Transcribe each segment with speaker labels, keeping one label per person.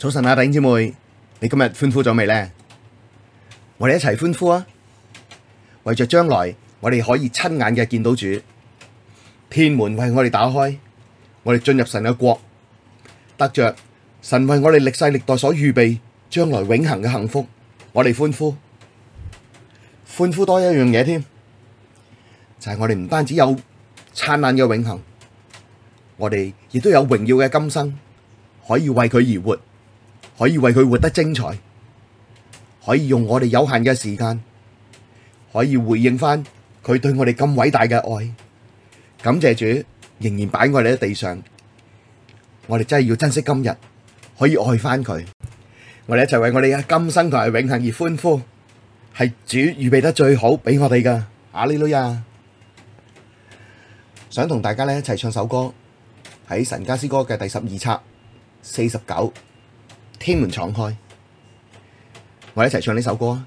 Speaker 1: 早晨啊，弟兄姊妹，你今日歡呼咗未呢？我哋一齊歡呼啊！為着將來，我哋可以親眼嘅見到主，天門為我哋打開，我哋進入神嘅國，得着神為我哋歷世歷代所預備將來永恆嘅幸福，我哋歡呼，歡呼多一樣嘢添，就係我哋唔單止有燦爛嘅永恆，我哋亦都有榮耀嘅今生，可以為佢而活。可以為佢活得精彩，可以用我哋有限嘅時間，可以回應翻佢對我哋咁偉大嘅愛，感謝主仍然擺我哋喺地上，我哋真係要珍惜今日可以愛翻佢，我哋一齊為我哋嘅今生同埋永恆而歡呼，係主預備得最好俾我哋噶。阿利路亞啊，想同大家咧一齊唱首歌喺《神家詩歌》嘅第十二冊四十九。天門敞開，我哋一齊唱呢首歌啊！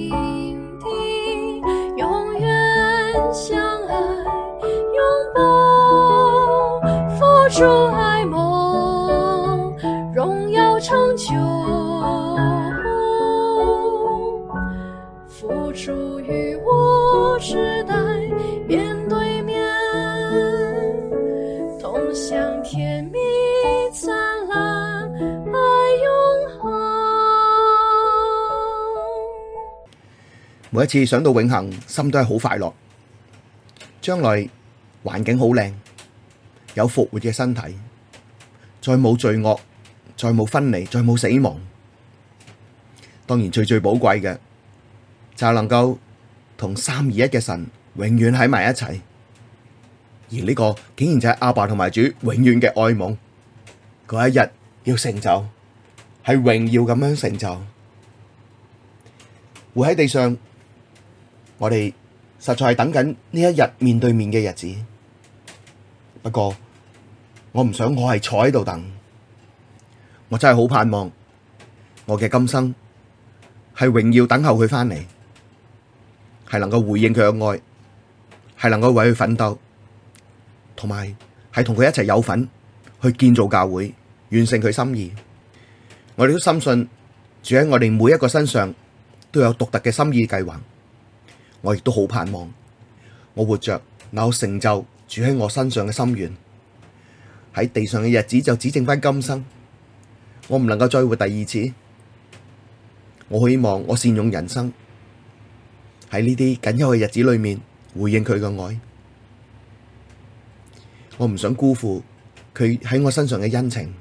Speaker 1: 每一次想到永恆，心都係好快樂。將來環境好靚，有復活嘅身體，再冇罪惡，再冇分離，再冇死亡。當然最最寶貴嘅，就能夠同三二一嘅神永遠喺埋一齊。而呢個竟然就係阿爸同埋主永遠嘅愛夢。嗰一日要成就，係榮耀咁樣成就，活喺地上。我哋實在係等緊呢一日面對面嘅日子。不過我唔想我係坐喺度等，我真係好盼望我嘅今生係榮耀等候佢返嚟，係能夠回應佢嘅愛，係能夠為佢奮鬥，同埋係同佢一齊有份去建造教會，完成佢心意。我哋都深信住喺我哋每一個身上都有獨特嘅心意計劃。我亦都好盼望我活着，有成就，住喺我身上嘅心願。喺地上嘅日子就只剩翻今生，我唔能夠再活第二次。我希望我善用人生喺呢啲緊要嘅日子裏面回應佢嘅愛，我唔想辜負佢喺我身上嘅恩情。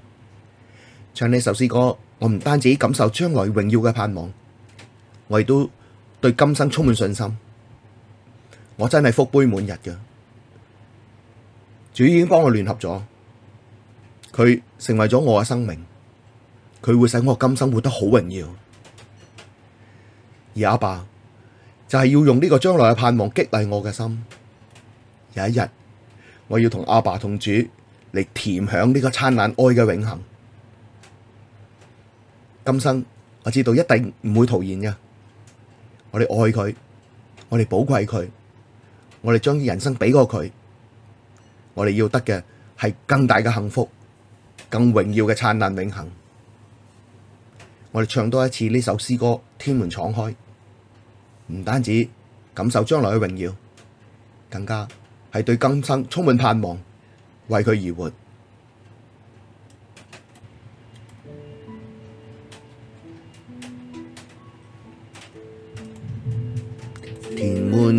Speaker 1: 唱呢首詩歌，我唔單止感受將來榮耀嘅盼望，我亦都對今生充滿信心。我真係福杯滿溢嘅，主已經幫我聯合咗，佢成為咗我嘅生命，佢會使我今生活得好榮耀。而阿爸就係要用呢個將來嘅盼望激勵我嘅心，有一日我要同阿爸同主嚟，甜享呢個燦爛愛嘅永恆。今生我知道一定唔會徒然嘅，我哋愛佢，我哋寶貴佢。我哋將人生畀過佢，我哋要得嘅係更大嘅幸福、更榮耀嘅燦爛永恆。我哋唱多一次呢首詩歌《天門敞開》，唔單止感受將來嘅榮耀，更加係對今生充滿盼望，為佢而活。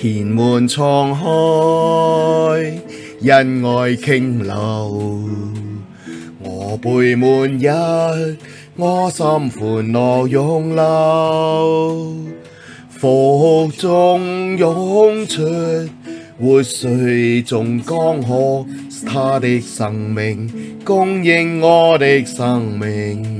Speaker 2: 天門敞開，恩愛傾流。我杯滿溢，我心歡樂湧流。腹中湧出，活水眾江河。他的生命供應我的生命。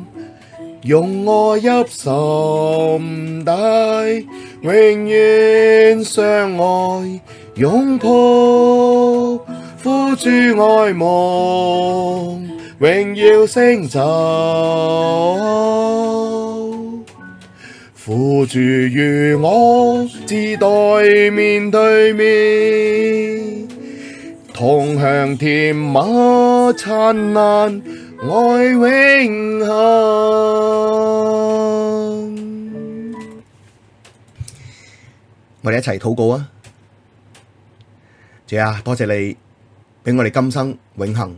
Speaker 2: 用我入心底，永遠相愛，擁抱，父、主愛夢，榮耀成就，父、主與我，只待面對面，同享甜蜜燦爛。愛永恆，
Speaker 1: 我哋一齊禱告啊！謝啊，多謝你畀我哋今生永恆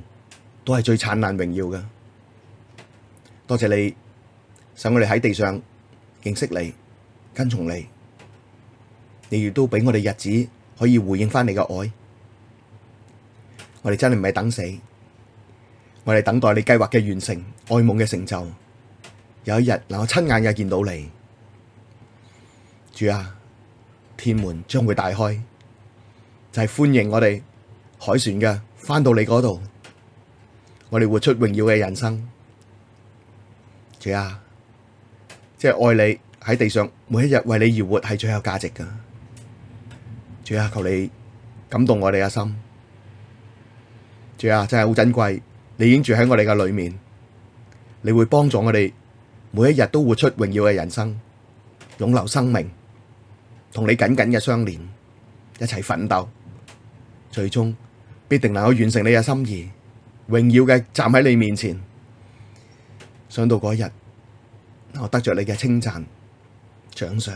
Speaker 1: 都係最燦爛榮耀嘅，多謝你使我哋喺地上認識你、跟從你，你亦都畀我哋日子可以回應翻你嘅愛，我哋真係唔係等死。我哋等待你計劃嘅完成，愛夢嘅成就，有一日能夠親眼嘅見到你，主啊，天門將會大開，就係歡迎我哋海船嘅翻到你嗰度，我哋活出榮耀嘅人生，主啊，即係愛你喺地上每一日為你而活係最有價值噶，主啊，求你感動我哋嘅心，主啊，真係好珍貴。你已經住喺我哋嘅裏面，你會幫助我哋每一日都活出榮耀嘅人生，永留生命，同你緊緊嘅相連，一齊奮鬥，最終必定能夠完成你嘅心意，榮耀嘅站喺你面前。想到嗰日，我得着你嘅稱讚、獎賞，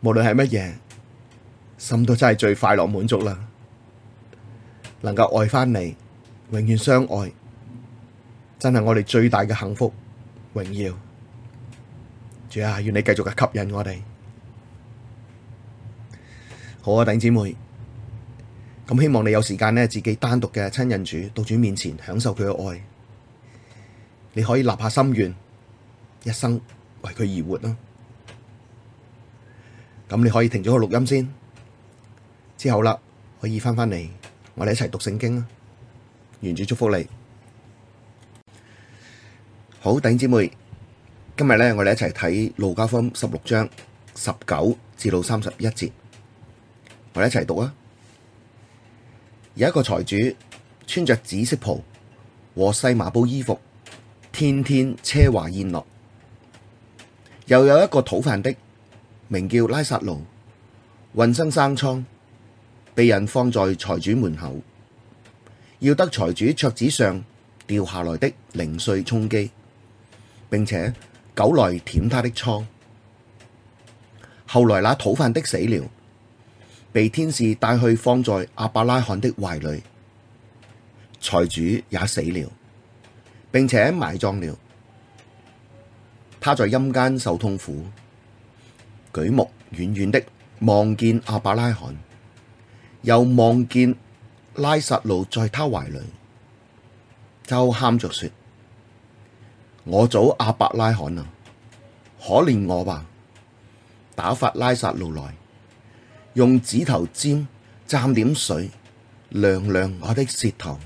Speaker 1: 無論係乜嘢，心都真係最快樂滿足啦，能夠愛返你。永遠相愛，真係我哋最大嘅幸福榮耀。主啊，願你繼續嘅吸引我哋。好啊，弟兄姊妹，咁希望你有時間呢，自己單獨嘅親近主，到主面前享受佢嘅愛。你可以立下心願，一生為佢而活啦。咁你可以停咗個錄音先，之後啦可以翻返嚟，我哋一齊讀聖經啦。願主祝福你，好，弟兄姊妹，今日咧，我哋一齊睇《路加福音》十六章十九至到三十一節，我哋一齊讀啊！有一個財主穿着紫色袍和細麻布衣服，天天奢華宴樂；又有一個討飯的，名叫拉撒路，渾身生瘡，被人放在財主門口。要得財主桌子上掉下來的零碎充飢，並且狗來舔他的瘡。後來那討飯的死了，被天使帶去放在亞伯拉罕的懷裏。財主也死了，並且埋葬了，他在陰間受痛苦，舉目遠遠的望見亞伯拉罕，又望見。拉撒路在他懷裡，就喊着說：我祖亞伯拉罕啊，可憐我吧，打發拉撒路來，用指頭尖蘸點水，涼涼我的舌頭，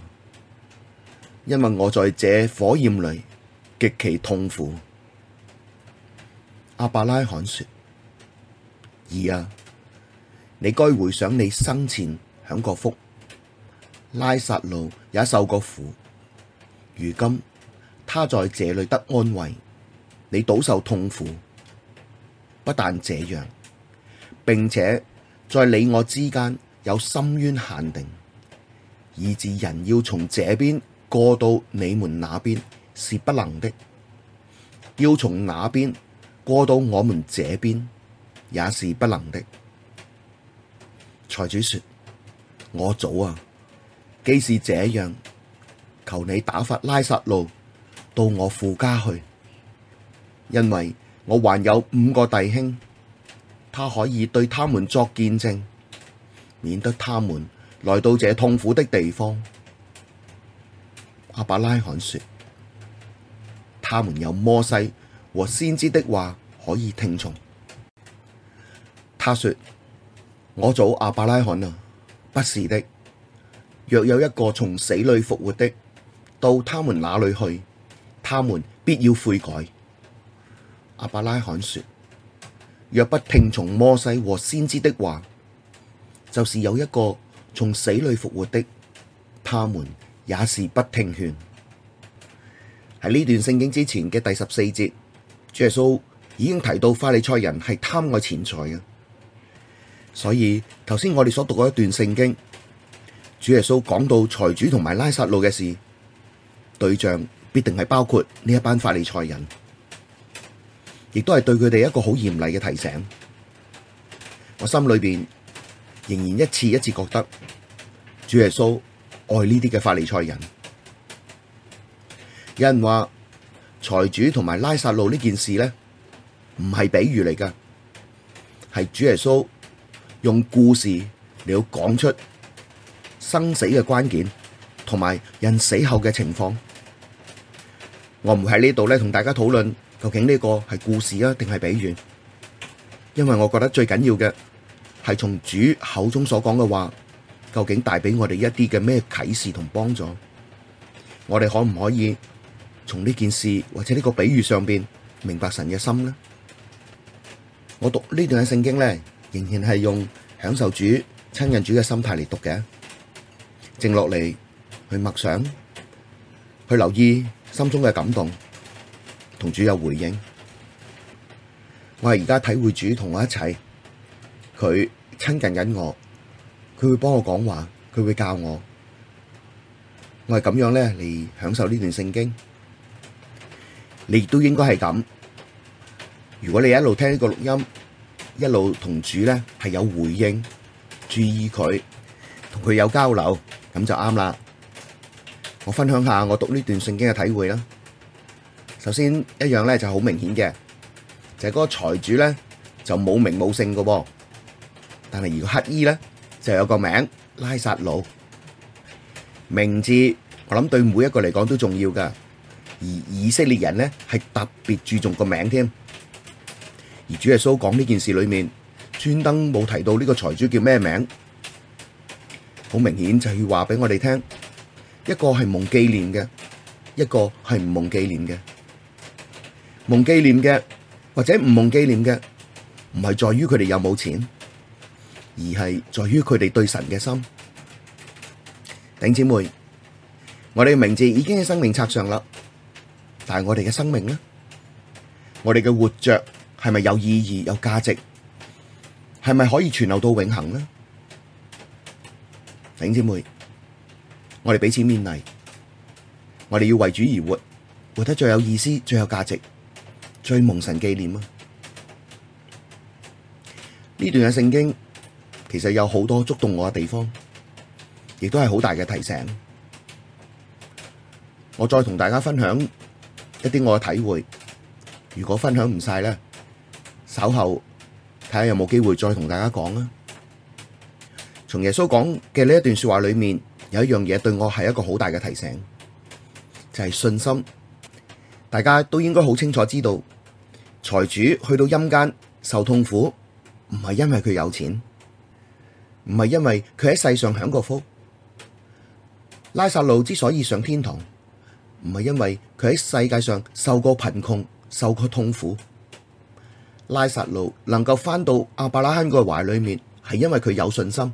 Speaker 1: 因為我在這火焰裡極其痛苦。亞伯拉罕說：兒啊，你該回想你生前享過福。拉撒路也受過苦，如今他在這裏得安慰。你倒受痛苦，不但這樣，並且在你我之間有深淵限定，以致人要從這邊過到你們那邊是不能的，要從那邊過到我們這邊也是不能的。財主說：我祖啊！既是這樣，求你打發拉撒路到我父家去，因為我還有五個弟兄，他可以對他們作見證，免得他們來到這痛苦的地方。亞伯拉罕說：他們有摩西和先知的話可以聽從。他說：我祖亞伯拉罕啊，不是的。若有一個從死裡復活的，到他們那裡去，他們必要悔改。亞伯拉罕說：若不聽從摩西和先知的話，就是有一個從死裡復活的，他們也是不聽勸。喺呢段聖經之前嘅第十四節，耶穌已經提到法利賽人係貪愛錢財嘅，所以頭先我哋所讀嘅一段聖經。主耶穌講到財主同埋拉撒路嘅事，對象必定係包括呢一班法利賽人，亦都係對佢哋一個好嚴厲嘅提醒。我心裏邊仍然一次一次覺得，主耶穌愛呢啲嘅法利賽人。有人話財主同埋拉撒路呢件事呢，唔係比喻嚟噶，係主耶穌用故事嚟到講出。生死嘅關鍵,同埋人死後嘅情況。我唔會喺呢度呢,同大家討論究竟呢個係故事啊,定係比喻。因為我覺得最緊要嘅,係從主口中所講嘅話,究竟帶俾我哋一啲嘅咩啟示同幫助。我哋可唔可以,從呢件事,或者呢個比喻上面,明白神嘅心呢?我讀呢段嘅聖經呢,仍然係用享受主,親近主嘅心態嚟讀嘅。靜落嚟，去默想，去留意心中嘅感動，同主有回應。我係而家體會主同我一齊，佢親近緊我，佢會幫我講話，佢會教我。我係咁樣咧，嚟享受呢段聖經。你亦都應該係咁。如果你一路聽呢個錄音，一路同主咧係有回應，注意佢，同佢有交流。咁就啱啦！我分享下我讀呢段聖經嘅體會啦。首先，一樣咧就好明顯嘅，就係嗰個財主咧就冇名冇姓嘅，但係如果乞兒，咧就有個名拉撒路。名字我諗對每一個嚟講都重要噶，而以色列人咧係特別注重個名添。而主耶穌講呢件事裏面，專登冇提到呢個財主叫咩名。好明顯就係話俾我哋聽，一個係蒙紀念嘅，一個係唔蒙紀念嘅。蒙紀念嘅或者唔蒙紀念嘅，唔係在於佢哋有冇錢，而係在於佢哋對神嘅心。頂姐妹，我哋嘅名字已經喺生命冊上啦，但係我哋嘅生命呢，我哋嘅活着係咪有意義、有價值？係咪可以存留到永恒呢？弟兄姊妹，我哋俾錢勉勵，我哋要為主而活，活得最有意思、最有價值、最蒙神紀念啊！呢段嘅聖經其實有好多觸動我嘅地方，亦都係好大嘅提醒。我再同大家分享一啲我嘅體會。如果分享唔晒咧，稍後睇下有冇機會再同大家講啊！從耶穌講嘅呢一段說話裏面，有一樣嘢對我係一個好大嘅提醒，就係信心。大家都應該好清楚知道，財主去到陰間受痛苦，唔係因為佢有錢，唔係因為佢喺世上享過福。拉撒路之所以上天堂，唔係因為佢喺世界上受過貧窮、受過痛苦。拉撒路能夠翻到亞伯拉罕個懷裏面，係因為佢有信心。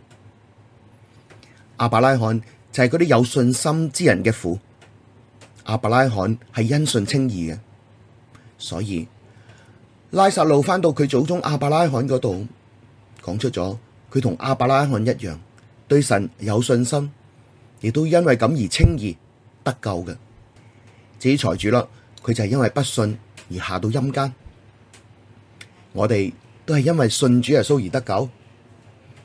Speaker 1: 亞伯拉罕就係嗰啲有信心之人嘅父，亞伯拉罕係因信稱義嘅，所以拉撒路返到佢祖宗亞伯拉罕嗰度，講出咗佢同亞伯拉罕一樣，對神有信心，亦都因為咁而稱義得救嘅。至於財主啦，佢就係因為不信而下到陰間。我哋都係因為信主耶穌而得救，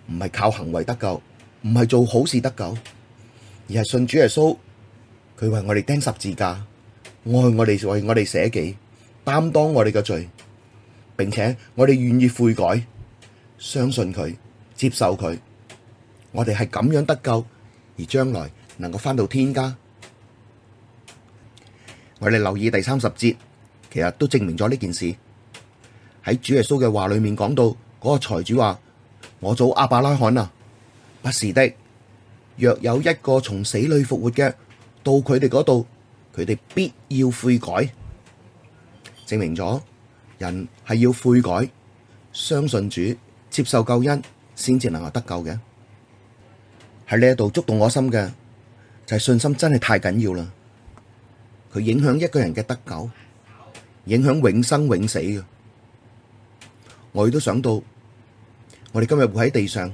Speaker 1: 唔係靠行為得救。唔係做好事得救，而係信主耶穌，佢為我哋釘十字架，愛我去我哋為我哋捨己，擔當我哋嘅罪，並且我哋願意悔改，相信佢，接受佢，我哋係咁樣得救，而將來能夠翻到天家。我哋留意第三十節，其實都證明咗呢件事。喺主耶穌嘅話裏面講到，嗰、那個財主話：我祖亞伯拉罕啊！不是的，若有一個從死裡復活嘅，到佢哋嗰度，佢哋必要悔改。證明咗人係要悔改，相信主，接受救恩，先至能夠得救嘅。喺呢一度觸動我心嘅，就係、是、信心真係太緊要啦。佢影響一個人嘅得救，影響永生永死嘅。我亦都想到，我哋今日活喺地上。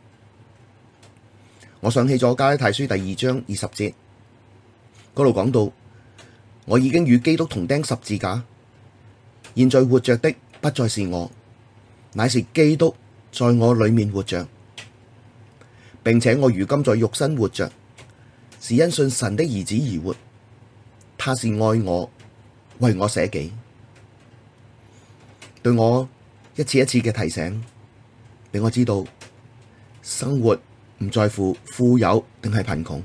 Speaker 1: 我想起咗加拉太書第二章二十節，嗰度講到，我已經與基督同釘十字架，現在活着的不再是我，乃是基督在我裡面活着，並且我如今在肉身活着，是因信神的兒子而活，他是愛我，為我捨己，對我一次一次嘅提醒，俾我知道生活。唔在乎富有定係貧窮，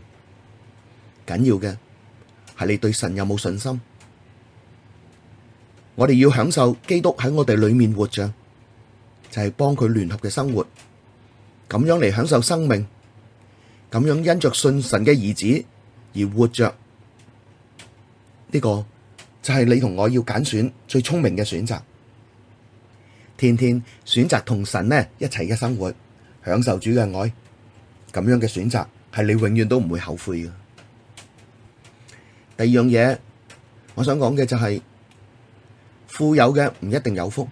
Speaker 1: 緊要嘅係你對神有冇信心。我哋要享受基督喺我哋裏面活著，就係幫佢聯合嘅生活，咁樣嚟享受生命，咁樣因着信神嘅兒子而活著。呢個就係你同我要揀選最聰明嘅選擇，天天選擇同神呢一齊嘅生活，享受主嘅愛。咁樣嘅選擇係你永遠都唔會後悔嘅。第二樣嘢，我想講嘅就係富有嘅唔一定有福，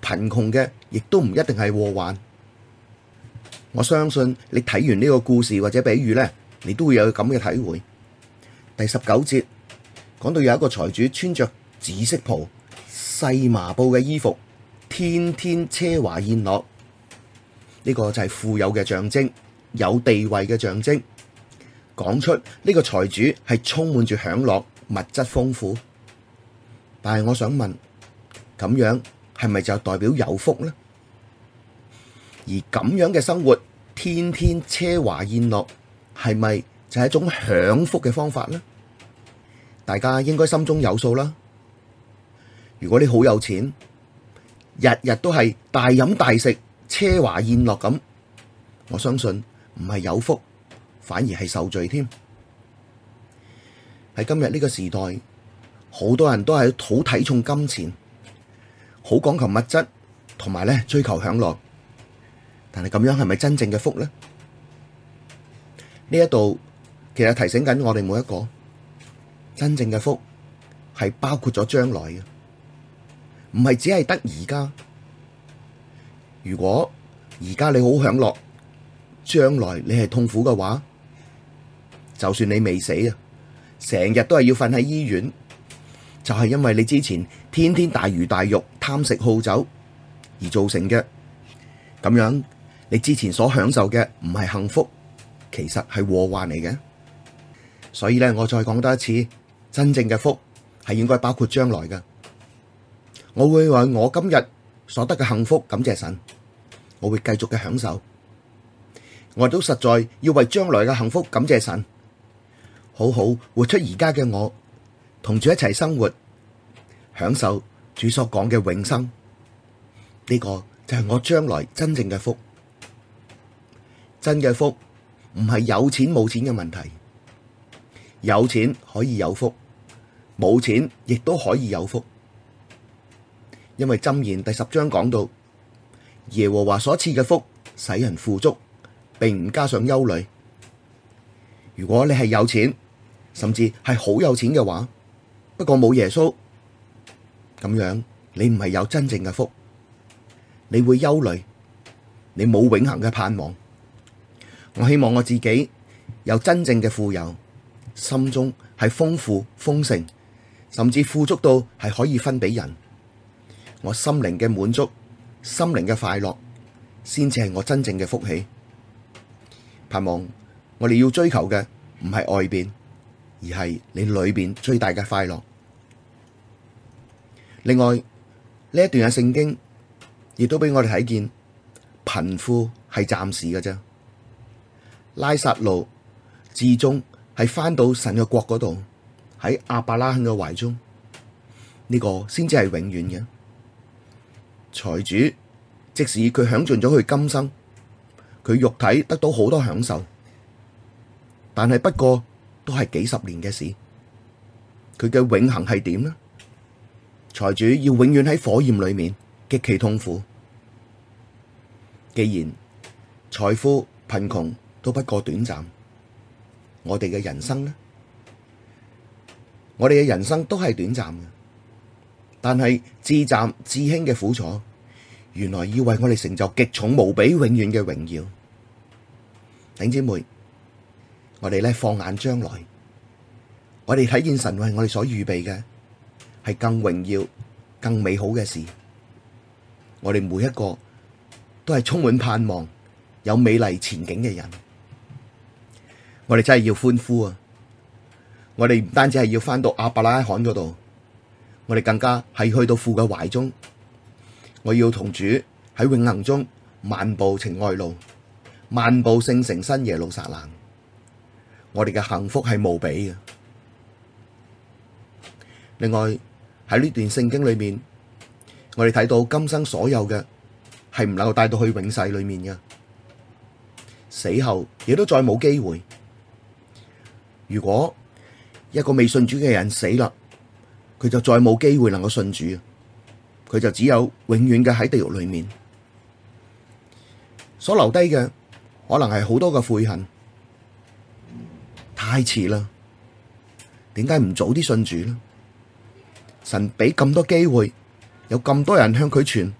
Speaker 1: 貧窮嘅亦都唔一定係禍患。我相信你睇完呢個故事或者比喻呢，你都會有咁嘅體會。第十九節講到有一個財主穿着紫色袍、細麻布嘅衣服，天天奢華宴樂，呢個就係富有嘅象徵，有地位嘅象徵，講出呢個財主係充滿住享樂、物質豐富，但係我想問，咁樣係咪就代表有福呢？而咁樣嘅生活，天天奢華宴樂，係咪就係一種享福嘅方法呢？大家應該心中有數啦。如果你好有錢，日日都係大飲大食、奢華宴樂咁，我相信。唔係有福，反而係受罪添。喺今日呢個時代，好多人都係好睇重金錢，好講求物質，同埋咧，追求享樂。但係咁樣係咪真正嘅福咧？呢一度其實提醒緊我哋每一個真正嘅福係包括咗將來嘅，唔係只係得而家。如果而家你好享樂，將來你係痛苦嘅話，就算你未死啊，成日都係要瞓喺醫院，就係因為你之前天天大魚大肉，貪食好酒而造成嘅。咁樣你之前所享受嘅唔係幸福，其實係禍患嚟嘅。所以咧，我再講多一次，真正嘅福係應該包括將來噶。我會為我今日所得嘅幸福感謝神，我會繼續嘅享受。我都實在要為將來嘅幸福感謝神，好好活出而家嘅我，同主一齊生活，享受主所講嘅永生。呢個就係我將來真正嘅福，真嘅福唔係有錢冇錢嘅問題，有錢可以有福，冇錢亦都可以有福，因為箴言第十章講到，耶和華所賜嘅福使人富足，並唔加上憂慮。如果你係有錢，甚至係好有錢嘅話，不過冇耶穌，咁樣你唔係有真正嘅福，你會憂慮，你冇永恆嘅盼望。我希望我自己有真正嘅富有，心中係豐富豐盛，甚至富足到係可以分俾人。我心靈嘅滿足，心靈嘅快樂，先至係我真正嘅福氣。我哋要追求嘅唔係外邊，而係你裏邊最大嘅快樂。另外呢一段嘅聖經亦都俾我哋睇見，貧富係暫時嘅啫。拉撒路至終係翻到神嘅國嗰度，喺阿伯拉罕嘅懷中，呢、這個先至係永遠嘅。財主即使佢享盡咗佢今生。佢肉體得到好多享受，但係不過都係幾十年嘅事。佢嘅永恆係點呢？財主要永遠喺火焰裏面，極其痛苦。既然財富貧窮都不過短暫，我哋嘅人生呢？我哋嘅人生都係短暫嘅，但係至暫至輕嘅苦楚。原來要為我哋成就極重無比、永遠嘅榮耀，頂姊妹，我哋咧放眼將來，我哋睇見神為我哋所預備嘅係更榮耀、更美好嘅事。我哋每一個都係充滿盼望、有美麗前景嘅人，我哋真係要歡呼啊！我哋唔單止係要返到亞伯拉罕嗰度，我哋更加係去到父嘅懷中。我要同主喺永恆中漫步情愛路，漫步聖城新耶路撒冷，我哋嘅幸福係無比嘅。另外喺呢段聖經裏面，我哋睇到今生所有嘅係唔能夠帶到去永世裏面嘅，死後亦都再冇機會。如果一個未信主嘅人死啦，佢就再冇機會能夠信主。佢就只有永遠嘅喺地獄裏面，所留低嘅可能係好多嘅悔恨，太遲啦！點解唔早啲信主呢？神俾咁多機會，有咁多人向佢傳，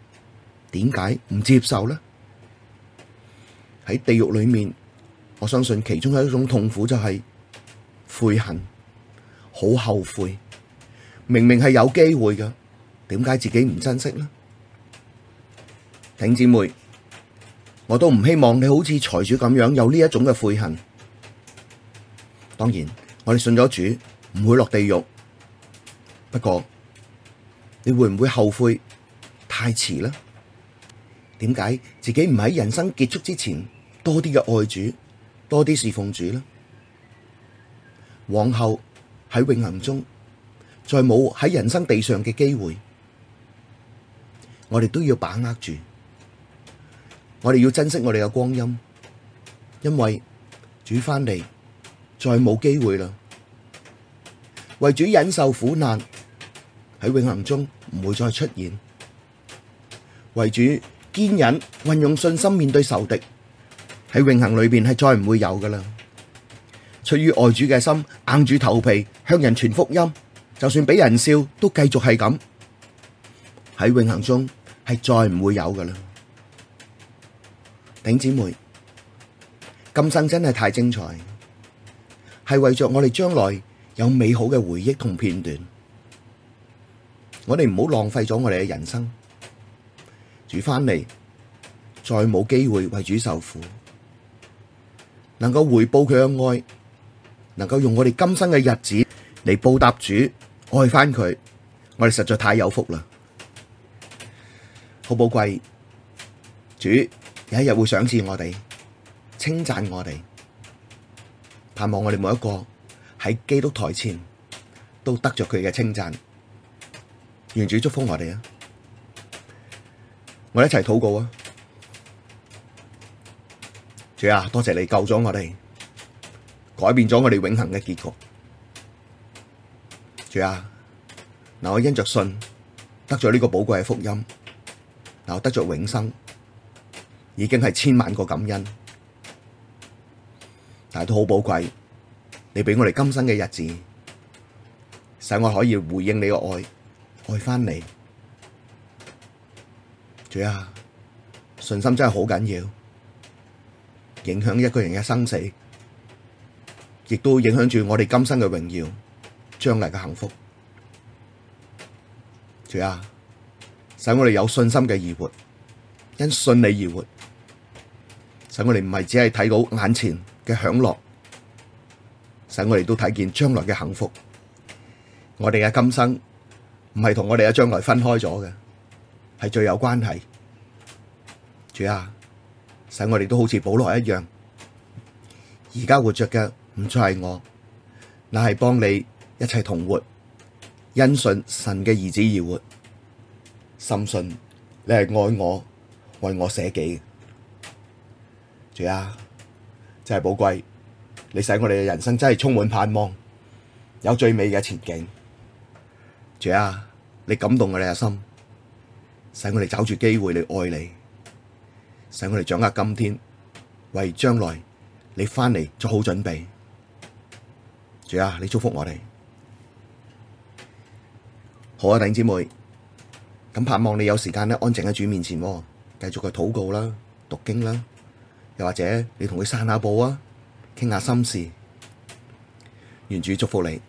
Speaker 1: 點解唔接受呢？喺地獄裏面，我相信其中有一種痛苦就係悔恨，好後悔，明明係有機會嘅。點解自己唔珍惜呢？弟姊妹，我都唔希望你好似財主咁樣有呢一種嘅悔恨。當然，我哋信咗主，唔會落地獄。不過，你會唔會後悔？太遲啦！點解自己唔喺人生結束之前多啲嘅愛主，多啲侍奉主呢？往後喺永恆中，再冇喺人生地上嘅機會。我哋都要把握住，我哋要珍惜我哋嘅光陰，因為主翻嚟，再冇機會啦。為主忍受苦難喺永恆中唔會再出現，為主堅忍運用信心面對仇敵喺永恆裏邊係再唔會有噶啦。出於愛主嘅心，硬住頭皮向人傳福音，就算俾人笑都繼續係咁。喺永恆中係再唔會有噶啦，頂姊妹，今生真係太精彩，係為着我哋將來有美好嘅回憶同片段，我哋唔好浪費咗我哋嘅人生，主翻嚟，再冇機會為主受苦，能夠回報佢嘅愛，能夠用我哋今生嘅日子嚟報答主，愛翻佢，我哋實在太有福啦。好寶貴，主有一日會賞賜我哋，稱讚我哋，盼望我哋每一個喺基督台前都得着佢嘅稱讚。願主祝福我哋啊！我哋一齊禱告啊！主啊，多謝你救咗我哋，改變咗我哋永恆嘅結局。主啊，嗱，我因着信得咗呢個寶貴嘅福音。留得住永生已經係千萬個感恩，但係都好寶貴。你俾我哋今生嘅日子，使我可以回應你嘅愛，愛返你。主啊，信心真係好緊要，影響一個人嘅生死，亦都影響住我哋今生嘅榮耀、將來嘅幸福。主啊！使我哋有信心嘅而活，因信你而活。使我哋唔係只係睇到眼前嘅享樂，使我哋都睇見將來嘅幸福。我哋嘅今生唔係同我哋嘅將來分開咗嘅，係最有關係。主啊，使我哋都好似保羅一樣，而家活着嘅唔再係我，那係幫你一齊同活，因信神嘅兒子而活。深信你係愛我，為我捨己。主啊，真係寶貴，你使我哋嘅人生真係充滿盼望，有最美嘅前景。主啊，你感動我哋嘅心，使我哋抓住機會嚟愛你，使我哋掌握今天，為將來你翻嚟做好準備。主啊，你祝福我哋，好啊，弟兄姊妹。咁盼望你有時間呢，安靜喺主面前喎，繼續去禱告啦、讀經啦，又或者你同佢散下步啊，傾下心事。願主祝福你。